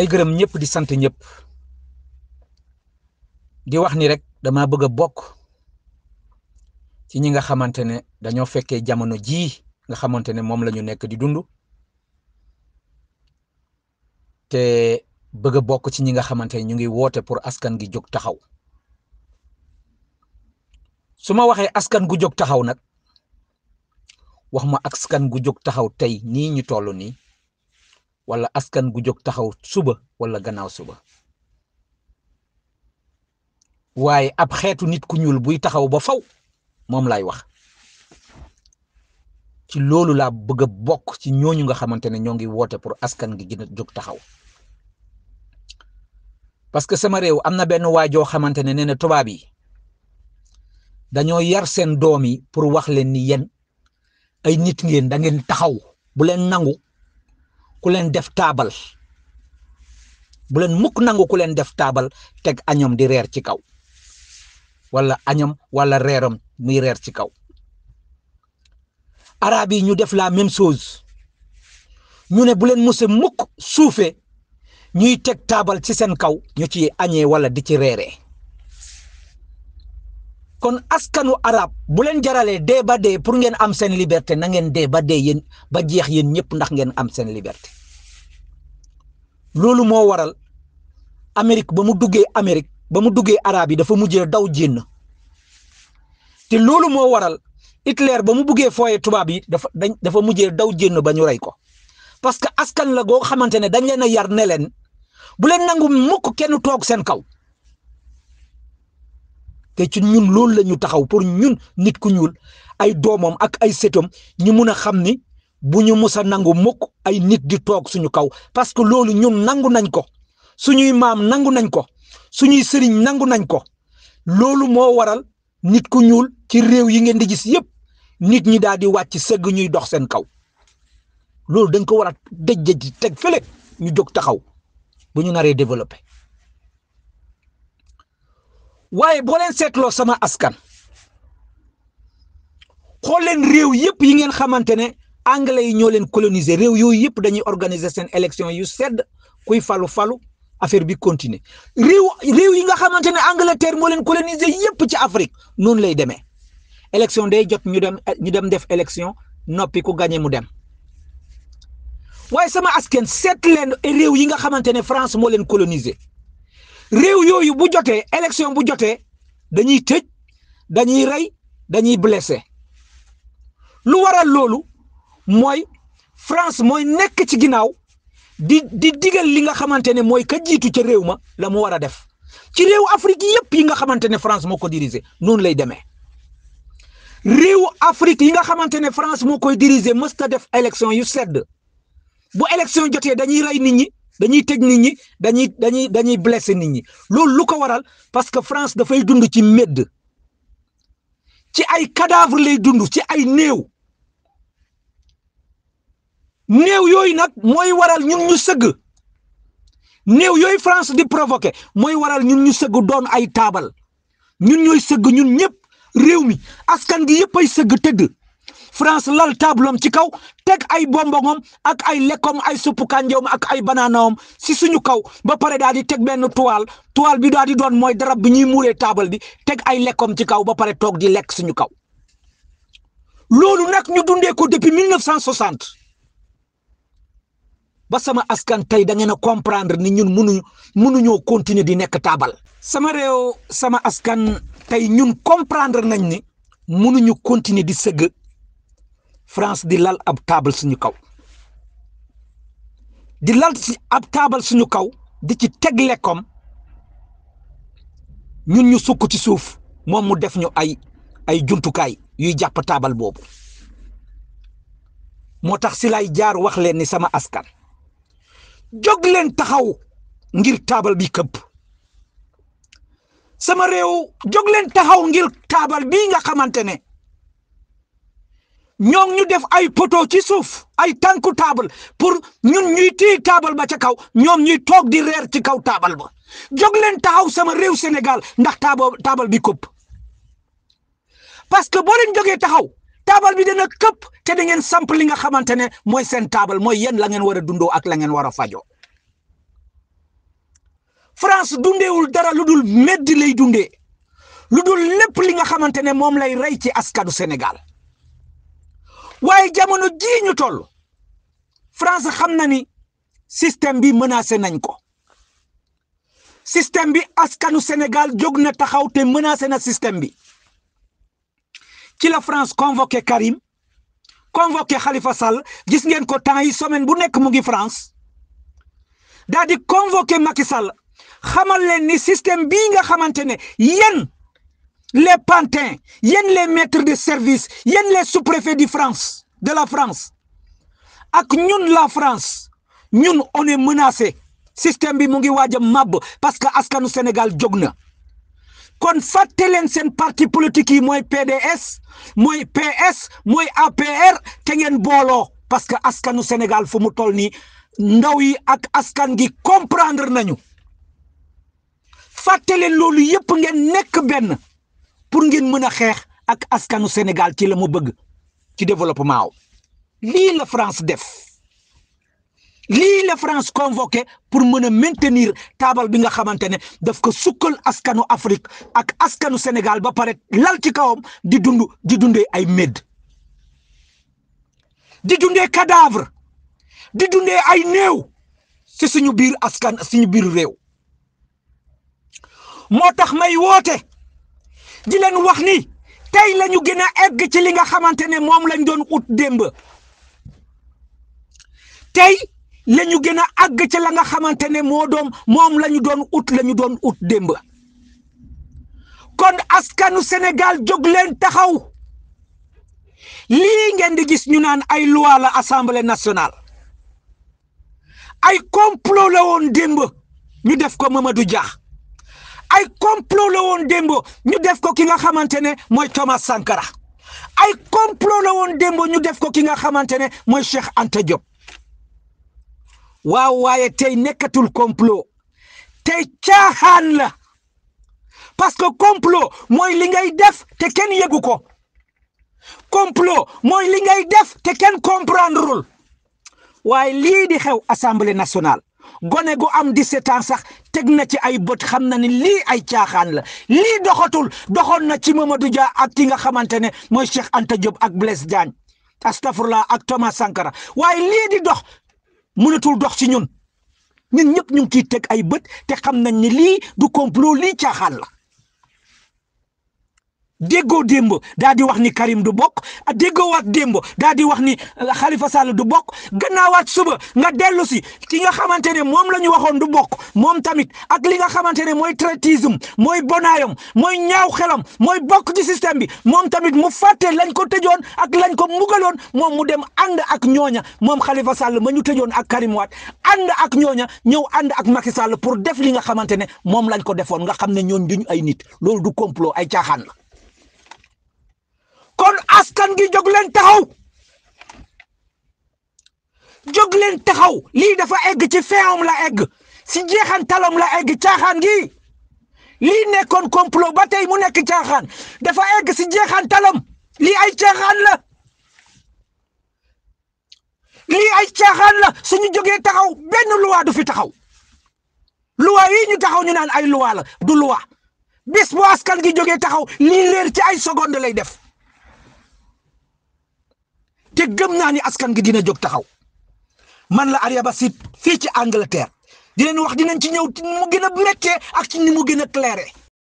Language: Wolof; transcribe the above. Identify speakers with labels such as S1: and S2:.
S1: may gërëm ñëpp di sant ñëpp di wax ni rek dama bëgg a bokk ci ñi nga xamante ne dañoo fekke jamono jii nga xamante ne moom lañu nekk di dundu te bëgg bokk ci ñi nga xamante ne ñu ngi woote pour askan gi jóg taxaw su ma waxee askan gu jóg taxaw nag wax ma askan gu jóg taxaw tey nii ñu toll nii wala askan gu jóg taxaw suba wala gannaaw suba waaye ab xeetu nit ku ñuul buy taxaw ba faw moom laay wax ci loolu la bëgg a bokk ci ñooñu nga xamante ne ñoo ngi woote pour askan gi gën a jóg taxaw parce que sama réew am na benn waajoo xamante ne nee na tubaab yi dañoo yar seen doom yi pour wax leen ni yéen ay nit ngeen da ngeen taxaw bu leen nangu ku leen def taabal bu leen mukk nangu ku leen def taabal teg añam di reer ci kaw wala añam wala reeram muy reer ci kaw arab yi ñu def la même chose ñu ne bu leen mës mukk suufe ñuy teg taabal ci seen kaw ñu ci añee wala di ci reeree kon askanu arab bu leen jaralee dee ba dee pour ngeen am seen liberte na ngeen dee ba dee yéen ba jeex yéen ñëpp ndax ngeen am seen liberté loolu moo waral Amérique ba mu duggee Amérique ba mu duggee araab yi dafa mujjee daw jénn te loolu moo waral Hitler ba mu buggee fooyee tubaab yi dafa dañ dafa mujjee daw jénn ba ñu rey ko parce que askan la goo xamante ne dañ leen a yar ne leen bu leen nangu mukk kenn toog seen kaw te ci ñun loolu la ñu taxaw pour ñun nit ku ñuul ay doomam ak ay sëtam ñu mun a xam ni bu ñu mus a nangu mukk ay nit di toog suñu kaw parce que loolu ñun nangu nañ ko suñuy maam nangu nañ ko suñuy sëriñ nangu nañ ko loolu moo waral nit ku ñuul ci réew yi ngeen di gis yëpp nit ñi daal di wàcc sëgg ñuy dox seen kaw loolu dañ ko war a dëj teg fële ñu jog taxaw bu ñu naree développé waaye boo leen seetloo sama askan xool leen réew yëpp yi ngeen xamante ne anglais yi ñoo leen coloniser réew yooyu yëpp dañuy organiser seen élection yu sedd kuy falu falu affaire bi continuer réew réew yi nga xamante ne Angleterre moo leen coloniser yëpp ci Afrique noonu lay demee élection day jot ñu dem ñu dem def élection noppi ku gagné mu dem waaye sama askan seet leen réew yi nga xamante ne France moo leen coloniser réew yooyu bu jotee élection bu jotee dañuy tëj dañuy rey dañuy blessé lu waral loolu mooy France mooy nekk ci ginnaaw di di digal li nga xamante ne mooy ka jiitu ca réew ma la mu war a def ci réewu Afrique yëpp yi nga xamante ne France moo ko diriger lay demee réewu Afrique yi nga xamante ne France moo koy diriger mësta def élection yu sedd bu élection jotee dañuy rey nit ñi dañuy teg nit ñi dañuy dañuy dañuy blessé nit ñi loolu lu ko waral parce que France dafay dund ci médd ci ay cadavre lay dund ci ay néew néew yooyu nag mooy waral ñun ñu sëgg néew yooyu France di provoqué mooy waral ñun ñu sëgg doon ay taabal ñun ñooy sëgg ñun ñëpp réew mi askan gi yëpp ay sëgg tëdd France lal tableau ci kaw teg ay bombongom ak ay lekkom ay suppu kànjewam ak ay banaanawam si suñu kaw ba pare daal di teg benn toile toile bi daal di doon mooy darab bi ñuy muuree taabal bi teg ay lekkom ci kaw ba pare toog di lekk suñu kaw loolu nag ñu dundee ko depuis 1960 ba sama askan tey da ngeen a comprendre ni ñun munuñu munuñoo continuer di nekk taabal. sama sama askan tey ñun comprendre nañ ni munuñu continuer di sëgg France di lal ab taabal suñu kaw di lal si ab taabal suñu kaw di ci teg lekkoom ñun ñu sukk ci suuf moom mu def ñu ay ay jumtukaay yuy jàpp taabal boobu moo tax si lay jaar wax leen ni sama askan jóg leen taxaw ngir taabal bi këpp sama réew jogleen taxaw ngir taabal bii nga xamante ne ñoom ñu def ay poto ci suuf ay tànku taabal pour ñun ñuy téye taabal ba ca kaw ñoom ñuy toog di reer ci kaw taabal ba jóg leen taxaw sama réew Sénégal ndax taabal taabal bi këpp parce que boo leen jógee taxaw taabal bi dana këpp te da ngeen samp li nga xamante ne mooy seen taabal mooy yéen la ngeen war a dundoo ak la ngeen war a fajoo France dundeewul dara lu dul meddi lay dundee lu dul lépp li nga xamante ne moom lay rey ci askanu Sénégal. waaye jamono jii ñu toll France xam na ni système bi menacé nañ ko système bi askanu Sénégal jóg na taxaw te menacé na système bi ci la France convoqué Karim convoqué Khalifa Sall gis ngeen ko temps yi semaine bu nekk mu ngi France daal di convoqué Macky Sall xamal leen ni système bii nga xamante ne yéen les pantins yéen les maîtres de service yéen les sous-préfets de France de la France ak ñun la France ñun on est menacé système bi mu ngi waaja a màbb parce que askanu Sénégal jóg na kon fàtte leen seen parti politique yi mooy PDS mooy PS mooy APR te ngeen booloo parce que askanu Sénégal fu mu toll nii ndaw yi ak askan gi comprendre nañu fàtte leen loolu yëpp ngeen nekk benn. pour ngeen mën a xeex ak askanu Sénégal ci la mu bëgg ci développement li la France def li la France convoqué pour mën a maintenir taabal bi nga xamante ne daf ko sukkal askanu Afrique ak askanu Sénégal ba pare lal ci kawam di dund di dundee ay médd di dundee cadavre di dundee ay néew si suñu biir askan suñu biir réew moo tax may woote di leen wax ni tey lañu ñu gën a egg ci li nga xamante ne moom lañ doon ut démb tey lañu ñu gën a àgg ci la nga xamante ne moo doom moom la doon ut lañu doon ut démb kon askanu senegal jóg leen taxaw lii ngeen di gis ñu naan ay loi assamble assemblée ay complot la démb ñu def ko Mamadou Dia ay complot la woon ñu def ko ki nga xamante ne mooy Thomas Sankara ay complot la woon démb ñu def ko ki nga xamante ne mooy Cheikh Anta Diop waaw waaye tey nekkatul complot tey caaxaan la parce que complot mooy li ngay def te kenn yëgu ko complot mooy li ngay def te kenn comprendreul waaye lii di xew assemblée nationale gone gu am di setan sax teg na ci ay bët xam na ni lii ay caaxaan la lii doxatul doxoon na ci Mamadou Dia ak ki nga xamante ne mooy Cheikh Anta Diop ak Blaise Diagne astafurlah ak Thomas Sankara waaye lii di dox mënatul dox ci ñun ñun ñëpp ñu ngi ciy teg ay bët te xam nañ ni lii du complot lii caaxaan la. déggoo démb daa di wax ni Karim du bokk déggoo waat démb daa di wax ni euh, Khalifa Sall du bokk gannaawaat suba nga dellu si ki nga xamante ne moom la ñu waxoon du bokk moom tamit ak li nga xamante ne mooy traitisme mooy bonaayam mooy ñaaw xelam mooy bokk ci système bi moom tamit mu fàtte lañ ko tëjoon ak lañ ko mugaloon moom mu dem ànd ak ñooña moom xalifa Sall ma ñu tëjoon ak Karim Wade ànd ak ñooña ñëw ànd ak Macky Sall pour def li nga xamante ne moom lañ ko defoon nga xam ne ñooñ duñu ay nit du complot ay caaxaan la kon askan gi jóg leen taxaw jóg leen taxaw lii dafa egg ci feewam la egg si talam la egg caaxaan gi lii nekkoon complot ba tey mu nekk caaxaan dafa egg si jeexantalam lii ay caaxaan la lii ay caaxaan la suñu jógee taxaw benn luwaa du fi taxaw luwaa yi ñu taxaw ñu naan ay luwaa la du luwaa bis bu askan gi jógee taxaw lii leer ci ay seconde lay def te gëm naa ni askan gi dina jóg taxaw man la Arya Basit fii ci Angleterre di leen wax dinañ ci ñëw mu gën a méttee ak ci ni mu gën a claire